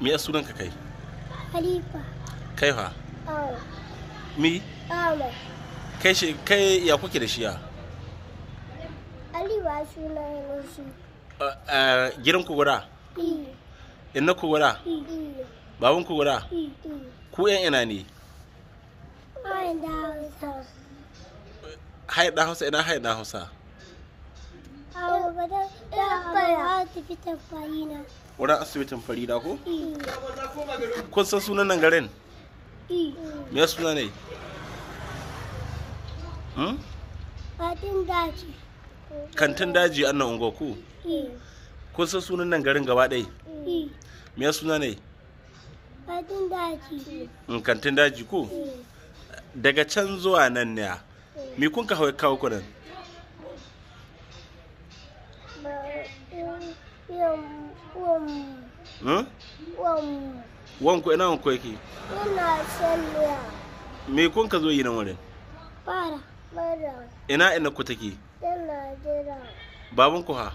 me ya sunanka kai halifa kai fa mi kai shi kai ya kuke da shi ya aliwa suna girin ku guda inna ku guda baban ku guda ku yan ina ne hai da hausa ina hai da hausa ba da ya fara wurin asibitin farida ko kun san sunan nan garin me suna ne hmm? kantin daji kantin daji annan nan ungoku eh. kun san sunan nan garin gaba ɗaya eh. me suna ne kantin daji hmm, kantin daji ku? Eh. daga can zuwa nan ne me kun ka kawo kunan Wanku ina wanku yake? Ina salliya. Me kun ka zo yi nan wurin? Bara, bara. Ina ina ku take? Ina jira. Baban ku ha?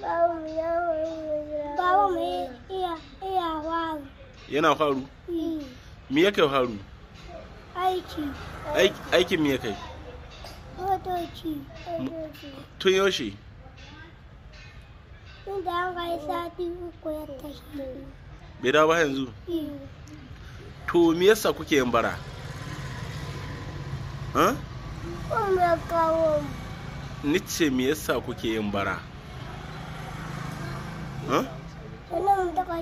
Babu ya Babu mai iya iya faru. Yana faru? Me ya kai faru? Aiki. Aiki me ya kai? Motoci. Tun yaushe? inda an uku bai dawo ba yanzu eh. to me yasa kuke yin bara kawo ni ce me yasa kuke yin bara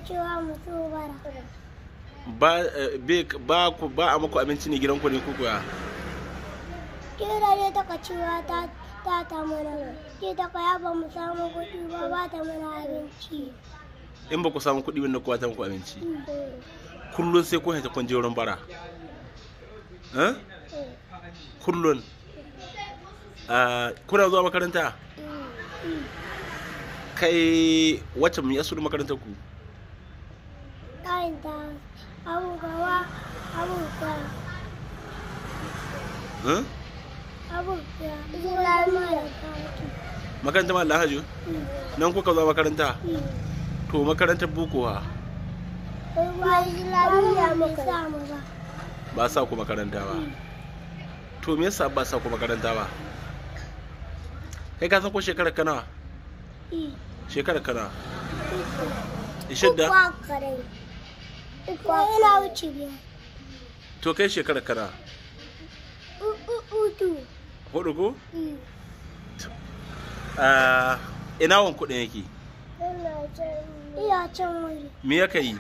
cewa bara ba eh, ba a muku abinci ne gidan ku ne ku kuwa ne ta kacewa ta tata ta mana ke ta kaya ba mu samu kuɗi ba ba ta mana abinci in ba ku samu kuɗi wanda kuwa ta muku abinci mm, eh. kullun sai ku haita kun je wurin bara eh? Eh. kullum ah, kuna zuwa makaranta mm, mm. kai wacce mu yasu makarantar ku kayan abubuwa abubuwa makaranta ma alhaji nan kuka zuwa makaranta to makarantar bukowa. ha ba sa ku makaranta ba to me yasa ba sa ku makaranta ba kai ka san ko shekarar kana shekarar kana shidda to kai shekarar kana uku hudu ko? Mm. Ah, ina wan kudin yake? iya can wuri me ya kai?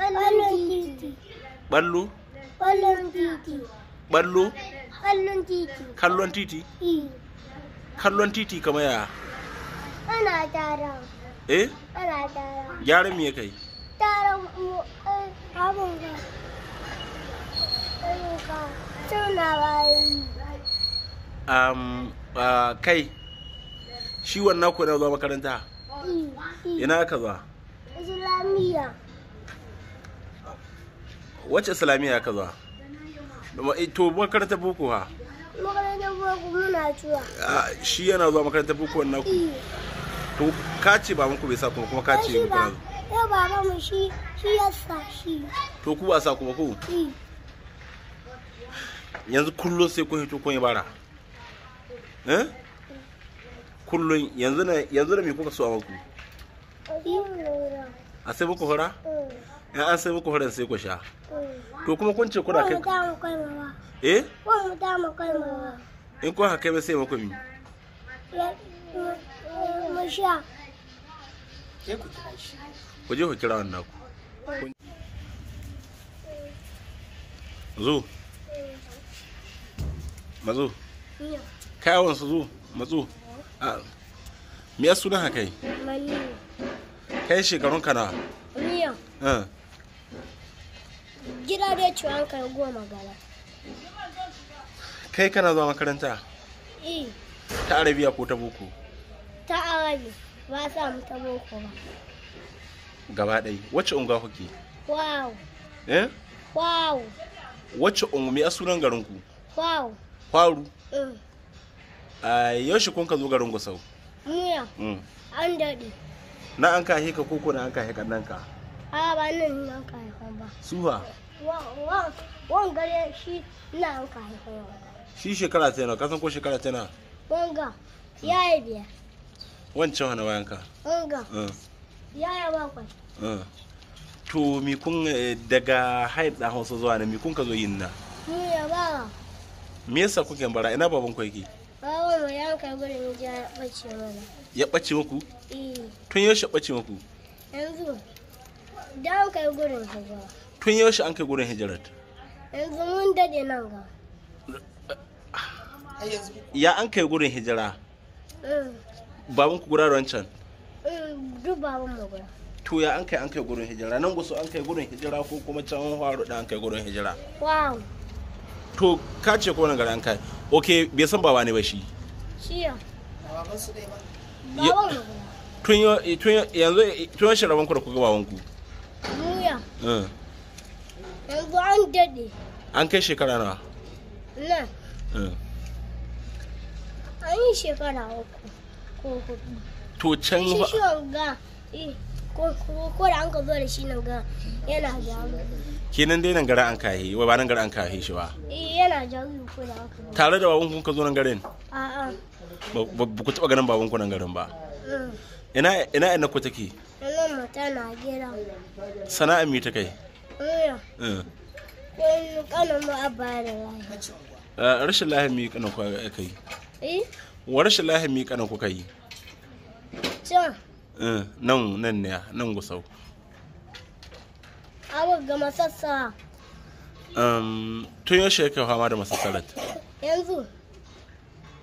ballon titi ballo? ballon titi ballo? kallon titi kallon titi? Eh. kallon titi kama ya? ana tara eh? ana tara gyara me ya kai? tara abin ka tunawa yi kai shi wannan ku na zuwa makaranta ina ka zuwa islamiyya wacce islamiyya ka zuwa eh, to makarantar boko ha makarantar boko muna zuwa shi yana zuwa makarantar boko wannan ku eh. to ka ce ba muku bai sa kuma kuma ka ce muku ba yau baba mu shi shi ya sa shi to ku ba sa kuma ku eh. yanzu kullum sai kun hito kun yi bara Eh? kullum yanzu na yanzu da me kuka so a maku a sai muku hura ya mm. an sai muku hura sai ku sha mm. to kuma kun ce kuna kai eh kai in kun haka kai sai muku mi mu sha ku je ku kira wannan ku zo mazo kawon su zo matsu a me ya haka yi kai shekarun ka na miliyan gida da ciwon kai goma gala kai kana zuwa makaranta eh. ta arabiya ko ta boko ta arabi ba sa mu ta boko ba gaba dai wacce unga kuke wow eh wow wacce ungu me asunan garin garinku wow kwaru mm. Eh, yaushe kun ka zo garin gusau miya mm. an daɗe na an ka ka koko na an ka ka nan ka a ba nan na an ka ka ba suwa wan gare shi na an kahe ka shi shekara ta yana kasan ko shekara ta yana wanga ya yi biya wancan hana wayan ka wanga mm. ya yi bakwai mm. to mi kun eh, daga haid da hausa zuwa na mi kun ka zo yin na miya ba me yasa kuke bara ina baban ku yake ya kai gurin ja ya ɓace Ya ɓace muku? Eh. Tun yaushe ɓace muku? Yanzu. Da an kai gurin hijira. Tun yaushe an kai gurin hijira. Yanzu mun dade nan ga. Ya an kai gurin hijira? Eh. Baban ku gurar wancan? Eh, duk babun mu gura to ya an kai an kai gurin hijira nan gusu an kai gurin hijira ko kuma can faru da an kai gurin hijira wow to ka ce ko nan gari an kai ok bai san baba ne ba shi tun yanzu tun ku da kuka baban ku muya eh. yanzu an dade an kai shekara nawa na eh. an yi shekara uku ko hudu to can ba ko da an ka zo da shi nan ga yana jaru kenan dai nan gara an kahe wai ba nan gara an kahe shi ba eh, yana jaru ko da haka tare da babanku kun ka zo nan garin a'a ba ku taba ganin babanku nan garin ba mm. ina ina ina ku take nan mata na gida. sana'a mi ta kai kanan eh. mu abba da eh, rashin lahimi kanan ku kai eh wa rashin lahimi kanan ku kai can Eh, nan nan ne nan gusau awa ga masassa um, tun yaushe yake fama da masassarat yanzu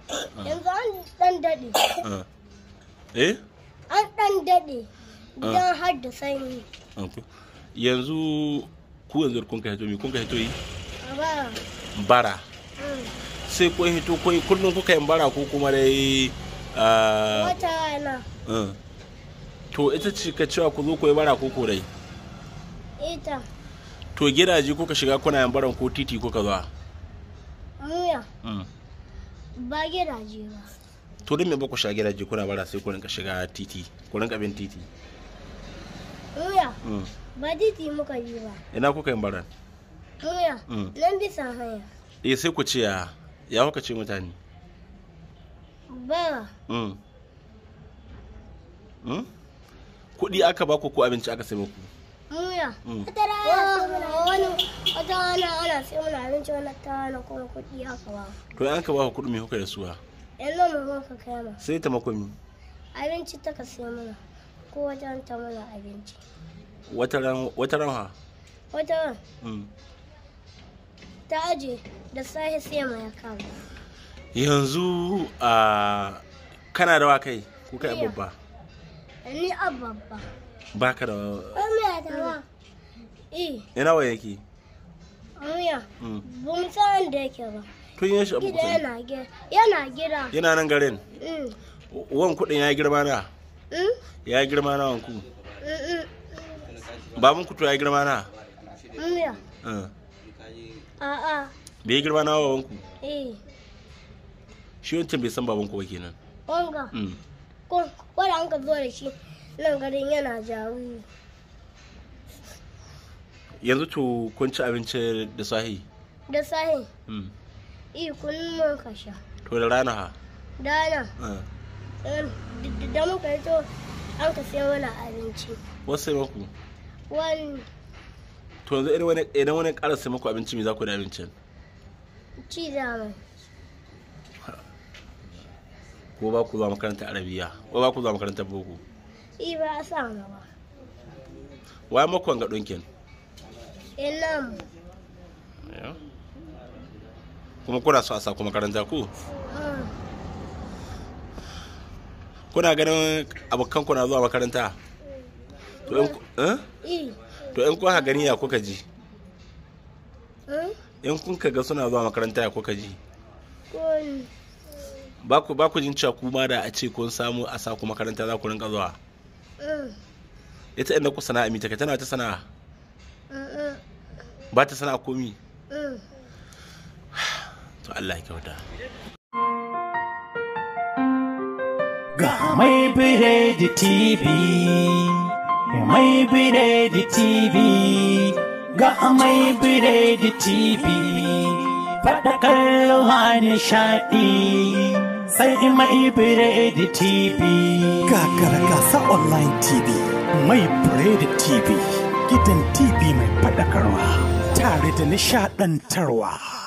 ah. yanzu an dan daɗe ah. eh an dan daɗe ah. don har da sanyi yanzu ku yanzu kun ka hito mi kun ka hito bara mm. sai kun hito kun kullum kuka yin bara ko kuma dai wata rana to ita ce ka cewa ku zo ku yi bara ko korai. dai ita to gidaje kuka shiga kuna yan baran ko titi kuka zuwa muya mm. ba gidaje ba to don me ba ku shiga gidaje kuna bara sai ku rinka shiga titi ku rinka bin titi muya mm. ba titi muka yi ba ina kuka yin baran muya mm. nan bisa hanya eh sai ku ce ya ya kuka ce mutane ba Hmm? kuɗi aka baku ko abinci aka sai muku muya mm. wata wani ana sai muna abinci wani ta kuma kuɗi aka ba to an ka ba ku kuɗi me kuka da suwa yanzu mu mun ka kai ma sai ta makomi abinci ta ka sai muna ko wajen ta muna abinci wata ran wata ran ha wata ran mm. ta aje da sahi sai ma ya kama yanzu a ah, kana da wa kai ko kai babba Ni abba. Baka da. Amiya ta e. mm. ba. Eh. Ina wa yake? Amiya. da yake ba. Tun yin shi abu kusa. Yana gida. Yana gida. Yana nan garin. Mm. Wan kuɗin ya girma na. Mm. Ya girma na wanku. Ba mun kutu ya girma na. Amiya. A'a. Bai girma na wa wanku? Eh. Shi wancan bai san babanku ba kenan. Wanga. wanda an ka zo da shi nan garin yana jariri yanzu to kun ci abinci da sahi da sahi i kun mun ka to da rana ha da rana da muka yi to an ka sai wani abinci wasu sai maku wani to yanzu idan wani ƙara sai maku abinci me za ku da abincin ci zamani ko ba ku zuwa makarantar arabiya ko ba ku zuwa makarantar boko i ba sa ba wa makon ga ɗunkin inam kuma kuna so a sa ku makaranta ku mm. kuna ganin abokan kuna zuwa makaranta to in kuka eh? gani ya kuka ji mm. in kun ka ga suna zuwa makaranta ya kuka ji ba ku ba ku jin cewa kuma da a ce kun samu a sa ku makaranta za ku rinka zuwa eh. ita inda ku sana'a mita tana ta sana'a eh, eh. ba ta sana'a komi to Allah ya kyauta ga mai biredi tv mai biredi tv ga mai biredi tv faɗakar ruwa nishaɗi sai in mai biredi TV. Kakara gasa online TV, mai biredi TV, gidan TV mai faɗakarwa, tare da nishaɗantarwa.